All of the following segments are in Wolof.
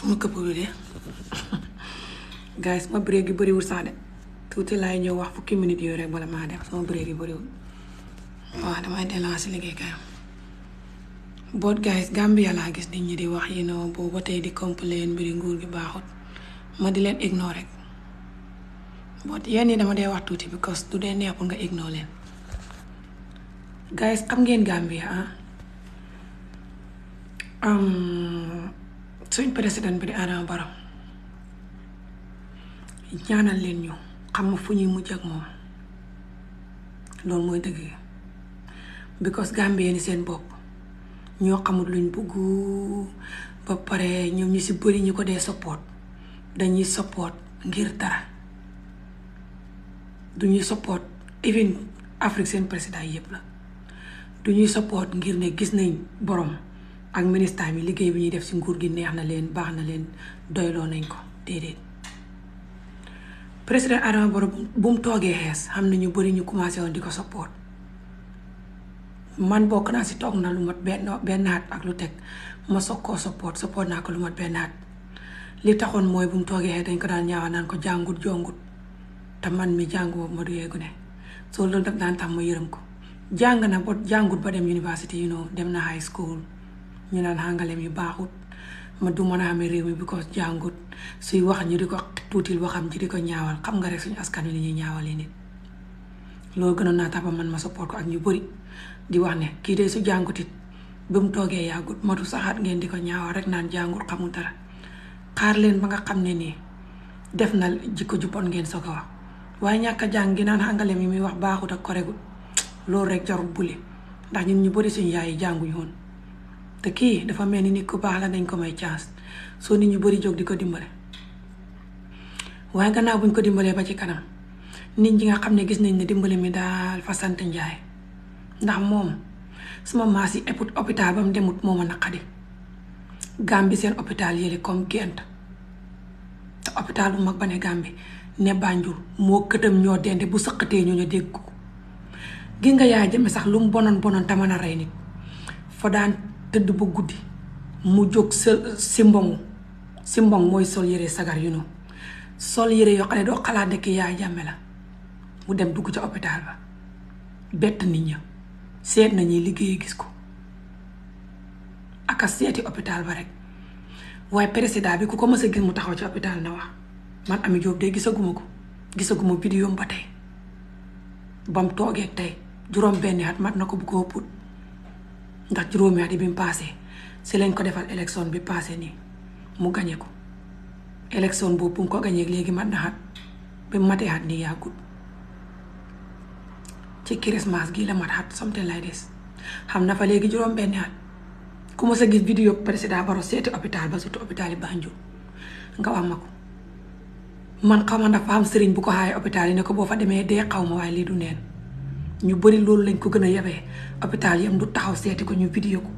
sama këpp bi de gars yi break yi bëriwul sax de tuuti laay ñëw wax fukki minutes yooyu rek bala maa dem sama break yi bëriwul waaw damay delloo si liggéey kayam boot gars yi Gambia laa gis nit ñi di wax yi non boobu ba di complain mbiri nguur gi baaxut ma di leen egnoo rek boot yenn dama dee wax tuuti because du dee neex pour nga ignore leen gars am ngeen Gambia ah. Um, suñ président bi di Adama Barrow ñaanal leen ñu xam fu ñuy mujj ak moom loolu mooy dëgg yi because Gambie ni seen bopp ñoo xamul luñ bëgg ba pare ñoom ñu si bëri ñu ko dee support dañuy support ngir dara du ñuy support even Afrique seen président yëpp la duñuy ñuy support ngir ne gis nañ borom. ak ministère bi liggéey bi ñuy def ci nguur gi neex na leen baax na leen doyloo nañ ko déedéet président Adama Barrow bu mu toogee xees xam na ñu bëri ñu commencé woon di ko support man bokk naa si toog na lu mat benn benn ak lu teg ma soog koo support support naa ko lu mat benn at li taxoon mooy bu mu toogee xees dañ ko daan ñaawa naan ko jàngut jongut te man mi jàng ma du yeegu ne soo loolu daf daan tax ma yërëm ko jàng na ba jàngut ba dem university you know dem na high school ñu naan àngaleem yu baaxut ma du mën a amee réew mi bi ko jàngut suy wax ñu di ko tuutil waxam ji di ko ñaawal xam nga rek suñu askan wi li ñuy ñaawalee nit loolu gënoon naa tax ba man ma support ko ak ñu bëri di wax ne kii de su jàngutit ba mu toogee yàggut matu saxaat ngeen di ko ñaawal rek naan jàngut xamul dara xaar leen ba nga xam ne nii def na jikko ju bon ngeen soog a wax waaye ñàkk jàng gi naan àngaleem yi muy wax baaxut ak koregut loolu rek jarul bule ndax ñun ñu bëri suñu yaay yi jànguñu woon te kii dafa mel ni nit ku baax la dañ ko may chance soo nit ñu bëri jóg di ko dimbale waaye gannaaw buñ ko dimbalee ba ci kanam nit ñi nga xam ne gis nañ ne dimbale mi daal fa sant njaay ndax moom sama mas yi eput hôpital ba mu demut mooma naqadi Gàmbi seen hôpital yére comme gent te hôpital bu mag ba ne Gàmbi ne Banjul moo këtam ñoo dende bu sëqatee ñoo ñu dégg ko gi nga yaay jëme sax lu mu bonoon bonoon te mën a rey nit fa daan tëdd bu guddi mu jóg si mboŋu si mboŋ mooy sol yére sagar yu nu sol yére yoo xam ne doo xalaat nekk yaay jàmme la mu dem dugg ca hôpital ba bett nit ña seet nañuy liggéey gis ko aka seeti hôpital ba rek waaye président bi ku ko mës gis mu taxaw ci hôpital na wax man Ami Jóob de gisaguma ko gisaguma vidéo ba tey bam toogee tey juróom benni at mat na ko bu ko ndax juróomi at yi bi mu paase si lañ ko defal élection bi paase nii mu gañe ko élection boobu mu ko gañee léegi mat na xat bi mu matee xat nii yàggut ci Christmas gii la mat xat something like this xam na fa léegi juróom benni at ku ma sa gis vidéo président Barrow seeti hôpital ba surtout hôpital yi Banjul nga wax ma ko man xaw ma dafa am sëriñ bu ko xaayee hôpital yi ne ko boo fa demee dee xaw ma waaye lii du neen ñu bëri loolu lañ ko gën a yebee hôpital yam du taxaw seeti ko ñu vidéo ko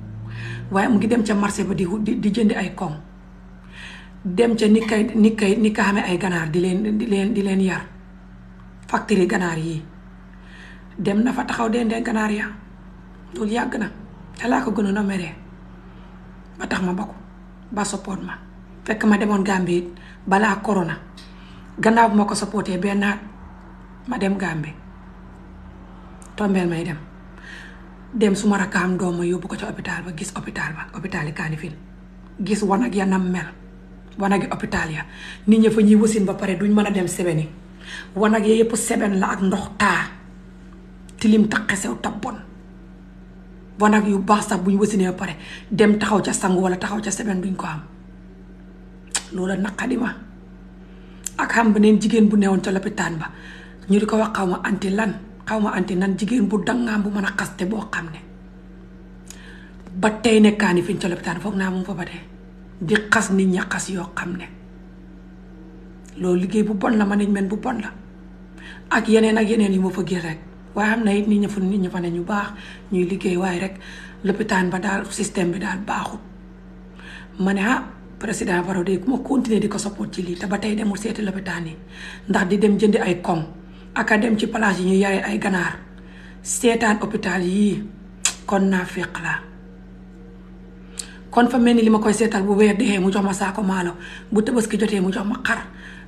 waaye mu ngi dem ca marché ba di di jëndi ay koom dem ca ni kay ni kay ni ka ay ganaar di leen di leen di leen yar factory ganaar yi dem na fa taxaw dendee ganaar ya loolu yàgg na te ko gënoon a meree ba tax ma bokk ko ba support ma fekk ma demoon Gambie balaa corona gannaaw bu ma ko supportee benn naat ma dem Gambie tombeel may dem dem su ma rakkaam doom ma yóbbu ko ca hôpital ba gis hôpital ba hôpital yi Kanifing gis wanag ya mel wanag yi nit ñi fa ñuy wasin ba pare duñ mën a dem sebeni wanag ya yëpp seben la ak ndox taa tilim taqe sew ta bon wanag yu baax sax buñ wasinee ba pare dem taxaw ca sangu wala taxaw ca seben duñ ko am loola naqadi ma ak xam beneen jigéen bu newoon ca loppitaan ba ñu di ko wax xaw ma anti lan xaw ma anti nan jigéen bu dangaam bu mën a xaste boo xam ne ba tey nekkaani fiñ ca lopitaan foog naa moom fa ba dee di xas nit ña xas yoo xam ne loolu liggéey bu bon la management bu bon la ak yeneen ak yeneen yu ma fa gis rek waaye xam na it nit ña fa nit fa ñu baax ñuy liggéey waaye rek lopitaan ba daal système bi daal baaxut ma ne ah président Barrow de ku ma continuer di ko support ci lii te ba tey demul seeti lopitaan yi ndax di dem jëndi ay kom aka dem ci place yi ñuy yare ay ganaar seetaan hôpital yii kon naa féq laa kon fa mel ni li ma koy seetal bu weer dexee mu jox ma saako maalo bu ki jotee mu jox ma xar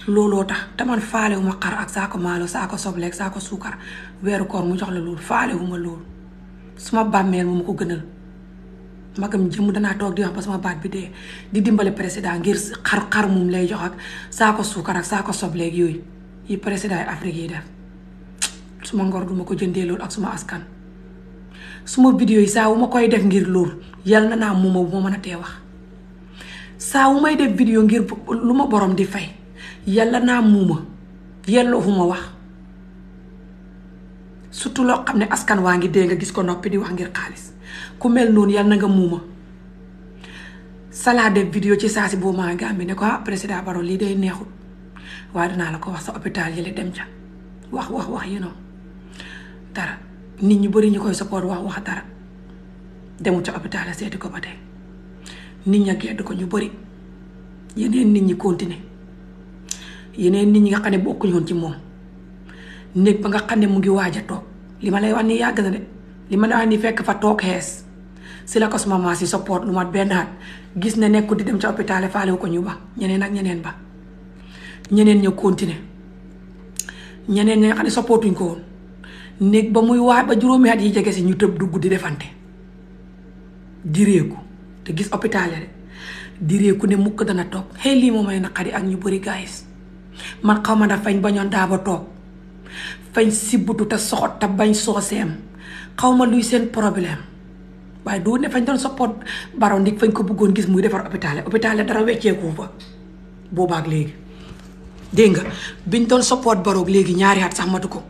looloo tax te man faalewu ma xar ak saako maalo saako soble ak saako suukar weeru koor mu jox la loolu faalewu ma loolu suma bàmmeel moom ma ko gënal danaa toog di wax sama baat bi dee di dimbale président ngir xar xar lay jox ak saako suukar saako sobleeg yooyu yi président yi Afrique yi def suma ngor duma ko jëndee loolu ak suma askan suma vidéo yi saa wu ma koy def ngir loolu yal na naa muuma bu ma mën a tee wax saa wu may def vidéo ngir lu ma boroom di fay yàlla naa muuma yelloofu ma wax surtout loo xam ne askan waa ngi dee nga gis ko noppi di wax ngir xaalis ku mel noonu yal na nga muuma salaa def vidéo ci saa si boo maa ngi am bi ne ko ah président Barrow lii day neexul waaye dinaa la ko wax sa hôpital yële dem ca wax wax wax yi dara nit ñu bari ñu koy support wax wax dara demu ca hôpital seeti ko ba tey nit ña gedd ko ñu bari yeneen nit ñi continuer yeneen nit ñi nga xam ne bokkuñu woon ci moom néeg ba nga xam ne mu ngi waaj a toog li ma lay wax nii yàgg na de li ma lay wax fekk fa toog xees si la ko suma maas yi support lu mat benn at gis di dem ca hôpital faalewu ko ñu ba ñeneen ak ñeneen ba ñeneen ña continuer ñeneen ña nga xam ne supportuñ ko woon néeg ba muy waay ba juróomi at yi jege si ñu tëb dugg di defante direeku te gis hôpital de direeku ne mukk dana toog xëy lii moom may naqari ak ñu bëri gaayis man xaw ma na fañ bañoon daa ba toog fañ sibbutu te soxot te bañ sooseem xaw ma luy seen problème waaye du ne fañ doon support baro ndig fañ ko buggoon gis muy defar hôpital hôpital dara wecceeku fa boobaak léegi dégg nga biñ doon support baroog léegi ñaari at sax matu ko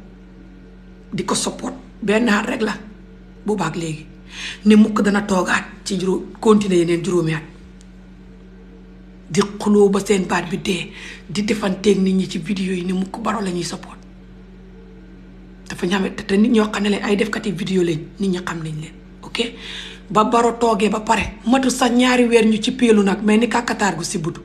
di ko support benn at rek la bu boobaak léegi ne mukk dana toogaat ci juróom continuer yeneen juróomi at di xuloo ba seen baat bi dee di defanteeg nit ñi ci vidéo yi ne mukk baro la ñuy support dafa ñaame te nit ñoo xam ne leen ay defkati vidéo lañ nit ñi xam nañ leen ok ba baro toogee ba pare matu sax ñaari weer ñu ci peelu nag mais ni kàkkataar gu sibbutu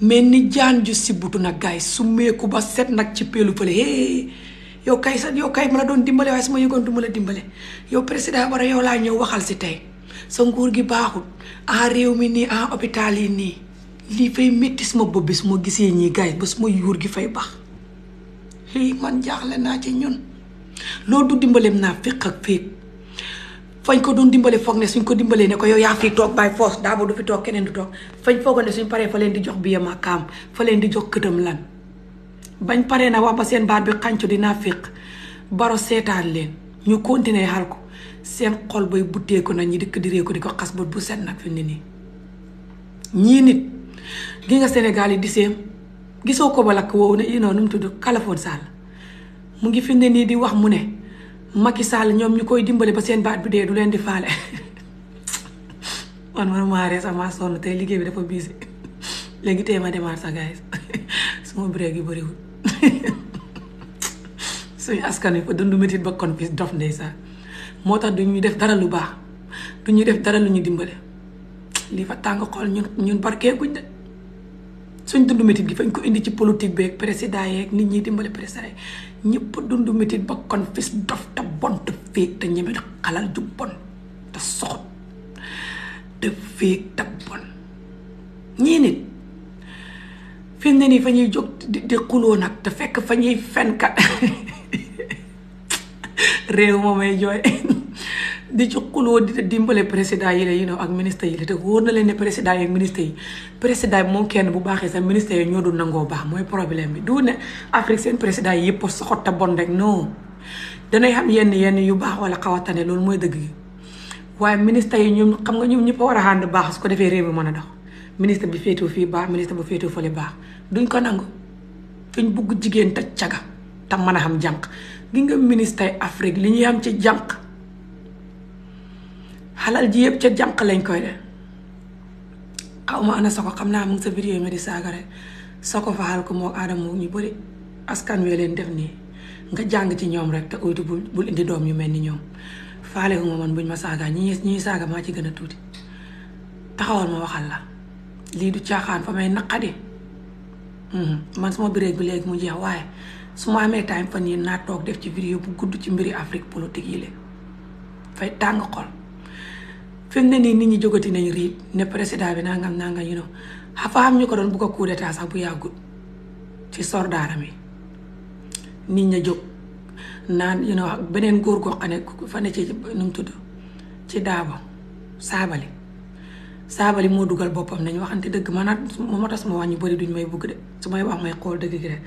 mais ni jaan ju sibbutu nag gars summeeku ba set nag ci peelu fële yow kay sa yow kay ma la doon dimbale waaye su ma yëgoon du ma la dimbale yow président Bara yow laa ñëw waxal si tey sa nguur gi baaxul ah réew mi nii ah hôpital yi nii lii fay metti suma bopp bi su ma gisee ñii gars ba suma yuur gi fay baax lii man jaaxle naa ci ñun loolu du dimbaleem naa féq ak féeg fañ ko doon dimbale foog ne suñ ko dimbalee ne ko yow yaa fi toog by force daa ba du fi toog keneen du toog fañ foogoon ne suñ paree fa leen di jox bi yama kaam fa leen di jox këtam lan bañ paree na wax ba seen baat bi xàncu dinaa féq baro seetaan leen ñu continuer xal ko seen xol bay butteeku na ñi dëkk di réew di ko xas bët bu set nag fi ne nii ñii nit gi nga Sénégal yi di seem gisoo ko ba lakk wow ne inoon nu mu tudd Kalafoon Sall mu ngi fi ne nii di wax mu ne Macky Sall ñoom ñu koy dimbale ba seen baat bi dee du leen di faale man man maa rees sama sonn tey liggéey bi dafa biise léegi tey ma demaat sa gars yi suma break yi suñu askan wi ko dundu métit ba kon bis dof ndeysaan moo tax du ñuy def dara lu baax du ñuy def dara lu ñu dimbale li fa tàng xool ñun ñun barkeeguñ de suñ dund métit gi fañ ko indi ci politique beeg président yeeg nit ñi dimbale président ñëpp dundu métit ba kon fis dof te bon te féeg te ñeme xalal ju bon te soxot te féeg te bon ñii nit fi mu nii fa ñuy jóg di xuloo nag te fekk fa ñuy fenkat réew moomay jooy di ci xuloo di dimbale président yi la yi ak ministre yi la te wóor na leen ne président yi ak ministre yi président bi moom yi ñoo dul nangoo baax mooy problème bi du ne Afrique seen président yëpp soxot te bon rek noo danay xam yenn yenn yu baax wala xaw a tane loolu mooy dëgg yi waaye ministre yi ñoom xam nga ñoom ñëpp a war a ànd baax su ko defee réew mi mën a dox ministre bi féetoo fii baax ministre bu féetoo fële baax duñ ko nangu fiñ bugg jigéen te caga te mën a xam jànq gi nga ministre ay li ñuy am ci jànq xalal ji yëpp ca jànq lañ koy de xaw ma xam naa mu ngi sa vidéo mi di saaga rek soko faxal ko moo aadama ñu bëri askan wi leen def nii nga jàng ci ñoom rek te uytu bul indi doom yu mel ni ñoom faale wu ma man buñ ma saaga ñi ñi saaga maa ci gën a tuuti taxawal ma waxal la lii du caaxaan fa may naqadi mhm. man sama bireeg bi léegi mu jeex waaye su ma amee time fan yi naa toog def ci vidéo bu gudd ci mbiri Afrique politique yi leen fay tàng xol fi mu ne nii nit ñi jógati nañ riib ne président bi nangam nangam yu noonu xafa am ñu ko doon bu ko coup d'état sax bu yàggut ci sordaaram yi nit ña jóg naan yu ne beneen góor goo xam ne fa ne ci nu tudd ci daabo saabali saabali moo dugal boppam nañu waxante dëgg maanaam moo tax sama wàññi bëri duñ may bugg de su may wax may xool dëgg gi rek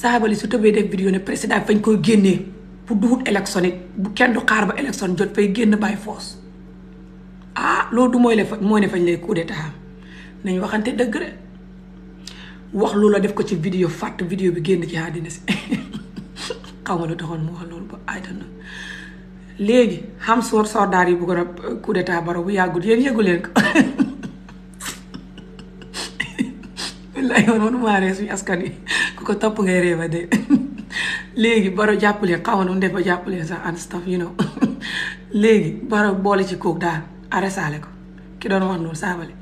saabali su tëbee def vidéo ne président fañ koy génnee pour duhut élection bu kenn du xaar ba élection jot fay génn bàyyi foos ah loolu du mooy la mooy ne fañ lay coup d'état nañ waxante dëgg de wax loolu la def ko ci vidéo fàtt vidéo bi génn ci àddina si xaw ma lu taxoon mu wax loolu ba ay léegi xam soor soldaar yi bëggoon a euh, coup d'état baro bu yàggut yéen yëgu leen ko wallaay man mënumaa ree suñu askan yi ku ko topp ngay réew a de léegi baro jàppaleen xaw ma nu mu def ba jàppaleen sax and stuff you know léegi baro boole ci kooku daal arrêté ko ki doon wax noonu saabale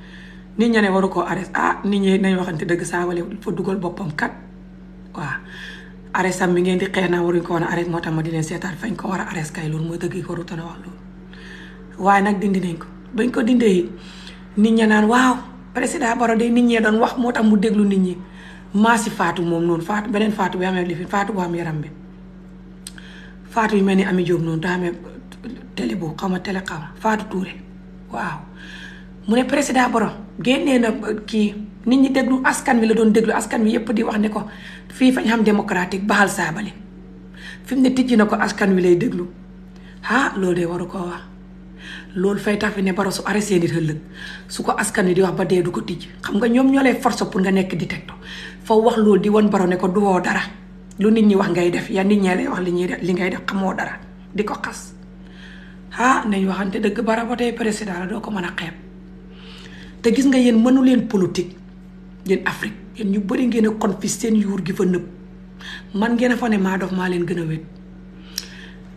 nit ña ne waru koo arrêté ah nit ñi nañ waxante dëgg saabale fa dugal boppam kat waaw arrêt sam mi ngeen di xeex naa waruñ ko woon a arrêt moo tax ma di leen seetaan fañ ko war a arrêt kay loolu mooy dëgg yi warutoon a wax loolu waaye nag dindi nañ ko bañ ko dindee nit ña naan waaw président boro Barrow nit ñee doon wax moo tax mu déglu nit ñi maas si faatu moom noonu faatu beneen faatu bi amee lifin faatu bu am yaram bi faatu yu mel ni Ami Jóob noonu daa amee télé boobu xaw ma télé xaw ma faatu Touré waaw mu ne président boro génnee na nit ñi déglu askan wi la doon déglu askan wi yëpp di wax ne ko fii fañ xam démocratique baxal saabali fi mu ne tijji na ko askan wi lay déglu ah loolu de waru koo wax loolu fay tax fi ne baro su arrêté nit ëllëg su ko askan wi di wax ba dee du ko tijj xam nga ñoom ñoo lay force pour nga nekk di foo wax loolu di wan baro ne ko du woo dara lu nit ñi wax ngay def yaa nit ñee lay wax li ñuy def li ngay def xamoo dara di ko xas ah nañ waxante dëgg bara ba tey président la doo ko mën a xeeb te gis nga yéen mënu leen politique yéen Afrique yéen ñu bëri ngeen a seen yuur gi fa nëb man ngeen a fa ne maa dof maa leen gën a wét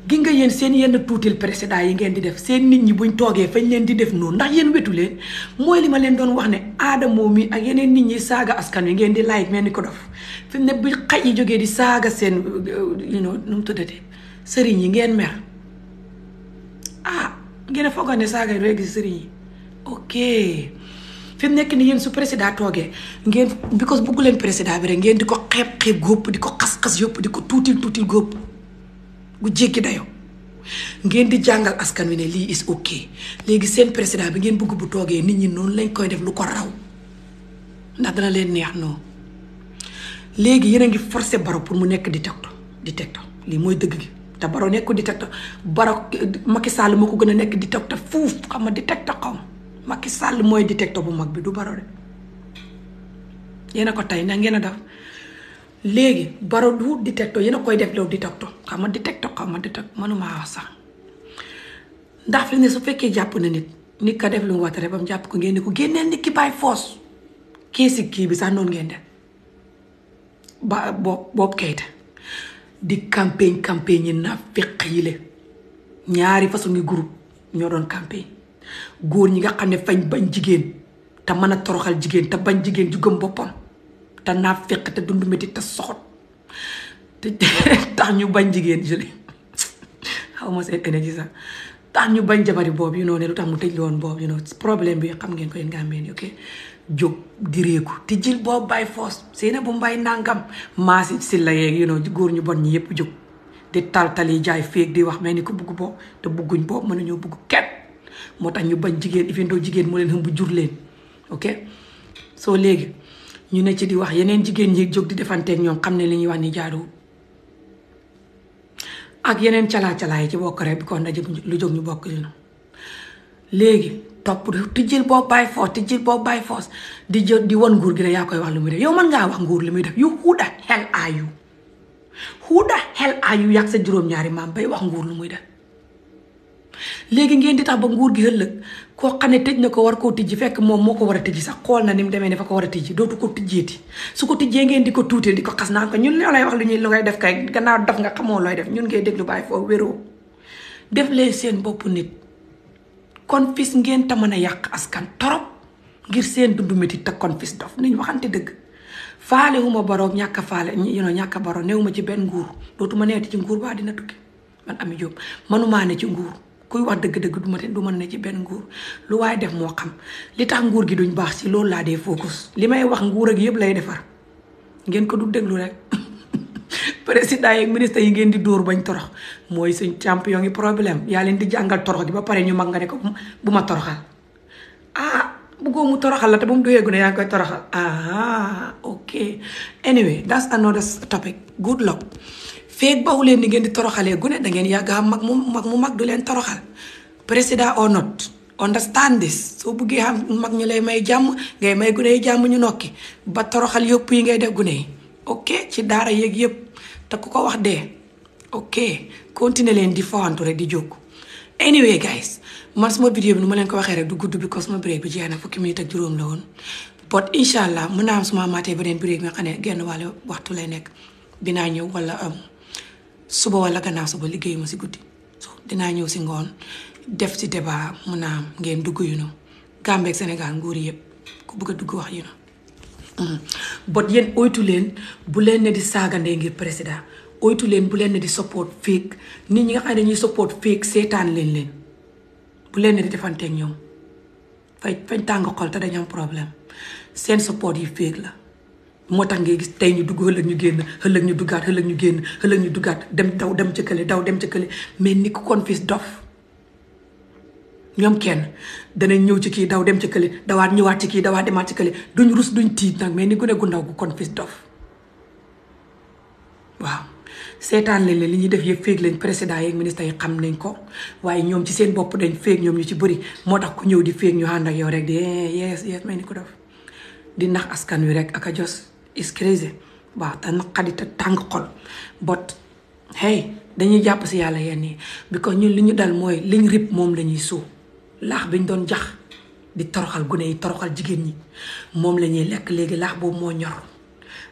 gi nga yéen seen yenn tuutil président yi ngeen di def seen nit ñi buñ toogee fañ leen di def noonu ndax yéen wetu leen mooy li ma leen doon wax ne aada moom mi ak yeneen nit ñi saaga askan wi ngeen di laaj mel ni ko dof fi mu ne bu xaj yi jógee di saaga seen you know nu mu sëriñ yi ngeen mer ah ngeen a foogoon ne saaga yi doo gis sëriñ yi ok fi nekk ni yéen su président toogee ngeen because bugg leen président bi rek ngeen di ko xeeb xeeb góob di ko xas-xas yëpp di ko tuutil tuutil góob gu jéggi dayoo ngeen di jàngal askan wi ne lii is ok léegi seen président bi ngeen bugg bu toogee nit ñi noonu lañ koy def lu ko raw ndax dana leen neex noonu léegi yéen a ngi forcé Baro pour mu nekk dictateur dictateur lii mooy dëgg gi te Baro nekkul dictateur Baro Macky Sall moo ko gën a nekk dictateur f xam nga dictateur xaw ma Macky sàll mooy détecteur bu mag bi du Baro de yéen ko tey na ngeen a def léegi Baro du détecteur yéen a koy def loolu détecteur xaw ma détecteur xaw ma détecteur mënumaa wax sax ndax fi ne su fekkee jàpp na nit nit ka def lu mu watare ba mu jàpp ko ngeen ko génneel nit ki bàyyi force kii si kii bi sax noonu ngeen def ba boobu boobu kayita di campagne campagne yi na fekk yi le ñaari façon ngi groupe ñoo doon campagne góor ñi nga xam ne fañ bañ jigéen te mën a toroxal jigéen te bañ jigéen ju gëm boppam te naa fekk te dund métti te soxot te tax ñu bañ jigéen jële xaw ma seen énergie sax tax ñu bañ jabari boobu yu noonu lu tax mu tëj la woon boobu you problème bi xam ngeen ko yéen Gambien yi ok jóg direeku te jil boobu bàyyi foos seena bu mbay nangam maa si si la yeeg góor ñu bon ñi yëpp jóg di tal yi jaay féeg di wax may ni ku bugg boobu te bugguñ boobu mënuñoo bugg ket moo tax ñu bañ jigéen even doo jigéen moo leen xam bu jur leen ok soo léegi ñu ne ci di wax yeneen jigéen ñi jóg di defanteeg ñoom xam ne li ñuy wax ni jaaduwul ak yeneen calaa-calaa yi ci bokk rek bi kon lu jóg ñu bokk ñu léegi topp ti jël boo bàyyi force ti jël boo bàyyi force di jël di wan nguur gi ne yaa koy wax lu muy def yow man ngaa wax nguur li muy def yu who a hell are you who the hell are you yàgg sa juróom-ñaari maam bay wax nguur lu muy def léegi ngeen di tax ba nguur gi ëllëg koo xam ne tëj na ko war koo tijji fekk moom moo ko war a tijji sax xool na ni mu demee ne fa ko war a tijji dootu ko tijjeeti su ko tijjee ngeen di ko tuutee di ko xas naan ko ñun ñoo lay wax lu ñuy lu ngay def kay gannaaw daf nga xamoo looy def ñun ngay déglu bàyyi foofu wéroo def leen seen bopp nit kon fis ngeen ta mën a yàq askan torop ngir seen dundu métit te kon fis dof nañ waxante dëgg faale wu ma ñàkk a faale you ñàkk a baro ma ci benn nguur dootuma neeti ci nguur baa dina tukki man Ami Jóob manumaa ne ci nguur kuy wax dëgg-dëgg du ma te du ma na ci benn nguur lu waaye def moo xam li tax nguur gi duñ baax si loolu laa dee focus li may wax nguur ak yëpp lay defar ngeen ko du déglu rek président yeeg ministre yi ngeen di dóor bañ torox mooy suñ champion yi problème yaa leen di jàngal torox gi ba pare ñu mag nga ne ko bu ma toroxal ah bëggoo mu toroxal la te bu mu doyee gune yaa ngi koy toroxal ah, ok anyway that's another topic good luck feeg bawu leen di ngeen di toroxalee gune da ngeen yàgg am mag mu mag mu mag du leen toroxal président or not understand this soo buggee am mag ñu lay may jàmm ngay may gune yi jàmm ñu nokki ba toroxal yëpp yi ngay def gune yi ok ci daara yeeg yëpp te ku ko wax dee ok continuer leen di fawantu rek di jóg anyway guys man suma vidéo bi nu ma leen ko waxee rek du gudd bi ko suma break bi jeex na fukki minute ak juróom la woon but incha allah mën naa am suma amaatee beneen break bi nga xam genn wàll waxtu lay nekk dinaa ñëw wala am suba wala gannaaw suba liggéeyu si guddi so dinaa ñëw si ngoon def si débat mun a am ngeen dugg yu noonu Gambie ak Sénégal nguur yëpp ku bugg a dugg wax yu noonu mm-hmm. oytu leen bu leen ne di saagandee ngir président oytu leen bu leen di support fake nit ñi nga xam ne dañuy support fake seetaan leen leen bu leen ne di defanteeg ñoom fay fañ tàng xol te dañu problème seen support yi fake la moo tax ngay gis tey ñu dugg xëlëg ñu génn xëlëg ñu duggaat xëlëg ñu génn xëlëg ñu duggaat dem daw dem ca kële daw dem ca kële mais ni ko kon dof ñoom kenn danañ ñëw ci kii daw dem ca kële dawaat ñëwaat ci kii dawaat demaat ci kële duñ rus duñ tiit nag mais ni gone gu ndaw gu kon fis dof waaw seetaan lañ leen li ñuy def yëpp féeg lañ président yeeg ministre yi xam nañ ko waaye ñoom ci seen bopp dañ féeg ñoom ñu ci bëri moo tax ku ñëw di féeg ñu ànd ak yow rek di eh, yes yes may ni ko dof di nax askan wi rek ak a jos is waa waaw te naqadi te tàng xol bot hey dañuy jàpp si yàlla yenn yi because ñun li ñu dal mooy liñ rib moom la ñuy suuf laax ñu doon jax di toroxal gune yi toroxal jigéen ñi moom lañuy ñuy lekk léegi laax boobu moo ñor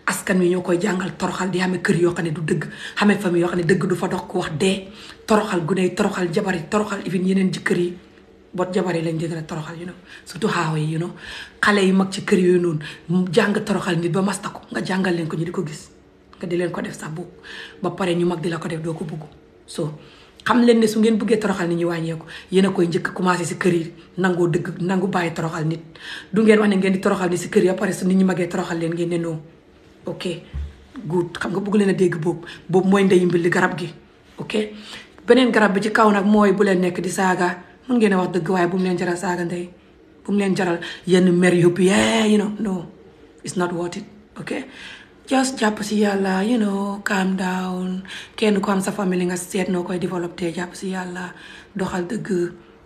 askan wi ñoo koy jàngal toroxal di xamee kër yoo xam ne du dëgg xamee famille yoo xam ne dëgg du fa dox ko wax dee toroxal gune yi toroxal jabar yi toroxal even yeneen jëkkër yi bot jabar yi lañ di gën a toroxal you know surtout xaawa yi xale yi mag ci kër yooyu noonu jàng toroxal nit ba masta ko nga jàngal leen ko ñu di ko gis nga di leen ko def sax bu ba pare ñu mag di la ko def doo ko bugg so xam leen ne su ngeen bëggee toroxal nit ñu wàññeeku yéen a koy njëkk commencé si kër yi nangoo dëgg nangu bàyyi toroxal nit du ngeen wax ne ngeen di toroxal nit si kër yi ba pare su nit ñi magee leen ngeen ne noo ok nga bugg leen a dégg boobu boobu mooy ndeyu mbil garab gi ok beneen garab bi ci kaw nag mooy bu leen nekk di saaga mun ngeen wax dëgg waaye bu mu leen jaral saaga ndey bu mu leen jaral yenn mer yëpp yee you know no it's not worth it ok just jàpp si yàlla you know calm down kenn ku am sa famille nga seet noo koy développé jàpp si yàlla doxal dëgg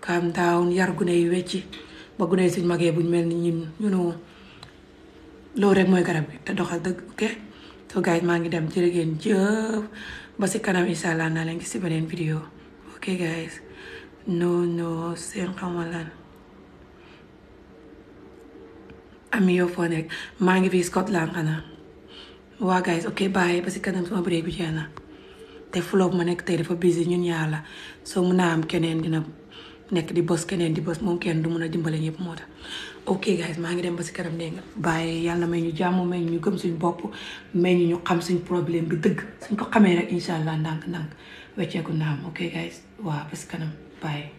calm down yar gune yi wecci ba gune yi suñ magee buñ mel ni ñun you loolu rek mooy garab bi te doxal dëgg ok so guys maa ngi dem jërëgeen jëf ba si kanam incha naa leen si beneen vidéo ok guys no no seen xamalaan am yow foo nekk maa ngi fii Scotland xanaa waa guys ok bàyyi ba si kanam sama break bi jeex na te flow ma nekk tey dafa busy ñun ñaar la soo mun naa am keneen dina nekk di bos keneen di bos moom kenn du mun a dimbale ñëpp moo tax ok guys maa ngi dem ba si kanam dégg nga bàyyi yàlla may ñu jàmm may ñu gëm suñu bopp may ñu ñu xam suñ problème bi dëgg suñ ko xamee rek incha ndànk ndànk wecceeku naam ok guys waaw ba si Bye.